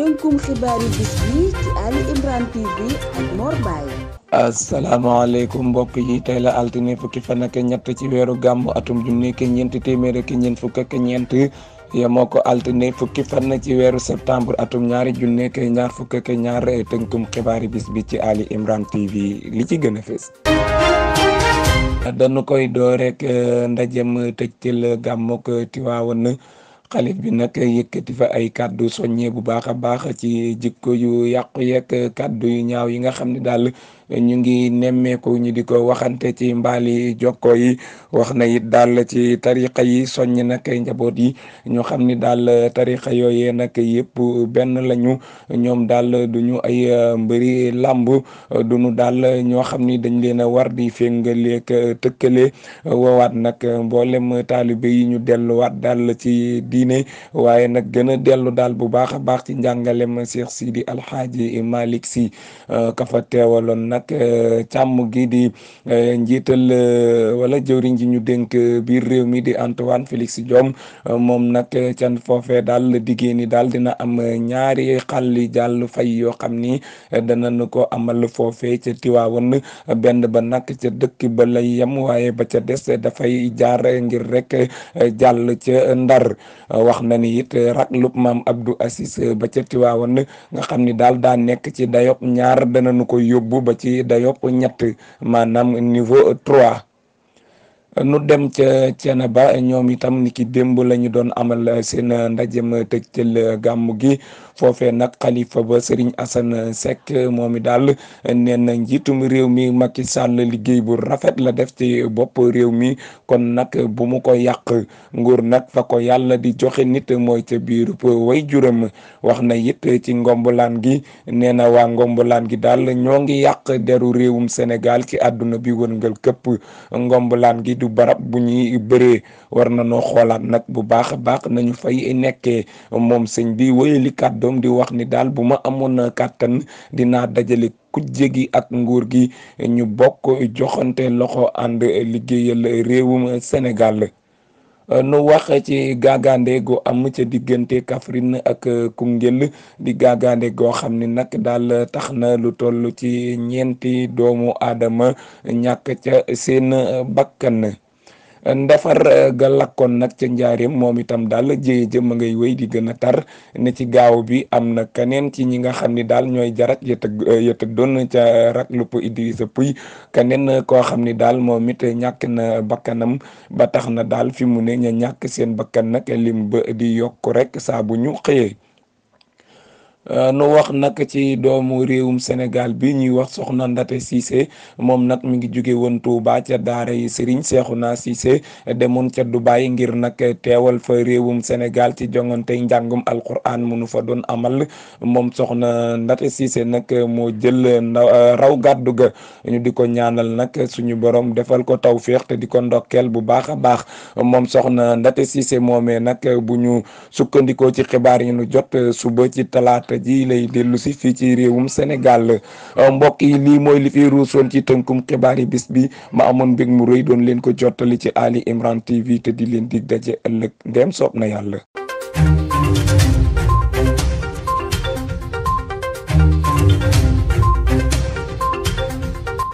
tënkum xibaari bis ci Ali Imran TV ak Mor Baye. asalaamaaleykum mbokk yi tey la altine fukki fan ak ñett ci weeru gàmmu atum junni ki ñeent fukk ak ñeent. yemoo altine fukki fan ci weeru septembre atum ñaari junne kay ñaar fukk ak ñaar tënkum xibaari bis bi ci Ali Imran TV li ci gën a fës. dañu koy door rek eh, ndajem tëj ci xalif bi nag yëkkati fa ay kàddu soññee bu baax a baax ci jikko yu yàqu yeeg kàddu yu ñaaw yi nga xam ni daal ñu ngi nemmeeku ñu di ko waxante ci mbaali jokko yi wax na it daal ci tariqa yi soññ nag njaboot yi ñu xam ni daal tariqa yooyee nag yëpp benn lañu ñoom daal du ñu ay euh, mbëri làmb du ñu daal ñoo xam ni dañ leen a war di féngaleeg tëkkale woowaat nag mboolem taalibe yi ñu delluwaat daal ci diine waaye nag gën a dellu daal bu baax a baax ci njàngalem Cheikh Sidi Alhaaji Malick Sy euh, ka teewaloon nag eh, càmm gi di eh, njiital eh, wala jëwriñ ji ñu dénk biir réew mi di Antoine Félix Diome moom nag can foofee dal diggée ni daal dina am ñaari xalli jàll fay yoo xam ni dana ko amal foofee ca Tiwaawan benn ba nag ca dëkk ba lay yem ba ca des dafay jaar ngir rek jàll ca Ndar wax na ni rak lub maam Abdou Assis ba ca Tiwaawan nga xam ni daal daa nekk ci dayob ñaar danañu ko yóbbu ba ci ci dayop ñett maanaam niveau trois nu dem ca ba ñoom itam niki démb la ñu doon amal seen ndajem tëjtal gàmm gi foofee nag xalifa ba sëriñ Assane sek moom i daal nee na njiitum réew mi Macky Sall liggéey bu rafet la def ci bopp réew mi kon nag bumu ko yàq nguur nag fa ko yàlla di joxe nit mooy ca biiru way juram wax na it ci ngombalaan gi nena na waa ngombalaan gi daal ñoo ngi yàq deru réewum Sénégal ci àdduna bi wërngal këpp ngombalaan gi du barab bu ñuy bëree war na noo xoolaat nag bu baax a baax nañu fay nekkee moom sëñ bi kat doom di wax ni daal bu ma amoon kàttan dinaa dajale kujje gi ak nguur gi ñu bokk joxante loxo ànd liggéeyal réewum Sénégal Euh, nu wax ci gaagande go am ca diggante Kaffrine ak euh, Koungheul di gaagande goo xam ni nag daal tax na lu toll ci ñeenti doomu aadama ñàkk ca seen euh, bakkan ndefar eh, ga lakkoon nag ca njaareem moom itam daal jéye jëm ma ngay wéy di a tar ne ci gaaw bi am na keneen ci ñi nga xam ni daal ñooy jarak yeta eh, yeta doon ca rak lupp Idrissa Pouy keneen eh, koo xam ni daal moom it ñàkk na bakkanam ba tax na daal fi mu ne ña ñàkk seen bakkan nag lim ba di yokk rek saa bu ñu xëyee Euh, nu wax nag ci doomu réewum Sénégal bi ñuy wax soxna Ndate Cissé moom nag mu ngi jóge woon Touba ca daara yi Serigne Cheikhouna Cissé demoon ca Dubaay ngir nag teewal fa réewum Sénégal ci jongante njàngum alquran mu nu fa doon amal moom soxna Ndate Cissé nag moo jël euh, raw gàddu ga ñu di ko ñaanal nag suñu borom defal ko tawféex te di ko ndokkeel bu baax a baax moom soxna Ndate Cissé moomee nag bu ñu sukkandikoo ci xibaar yi ñu jot suba ci talaata te ji lay dellu si fii ci réewum Sénégal euh, mbokk yi lii mooy li fi ruusoon ci tënkum xibaar yi bis bi ma amoon mbég mu rëy doon leen ko jottali ci Ali Imran TV te di leen dig daje ëllëg ndeem soob na yàlla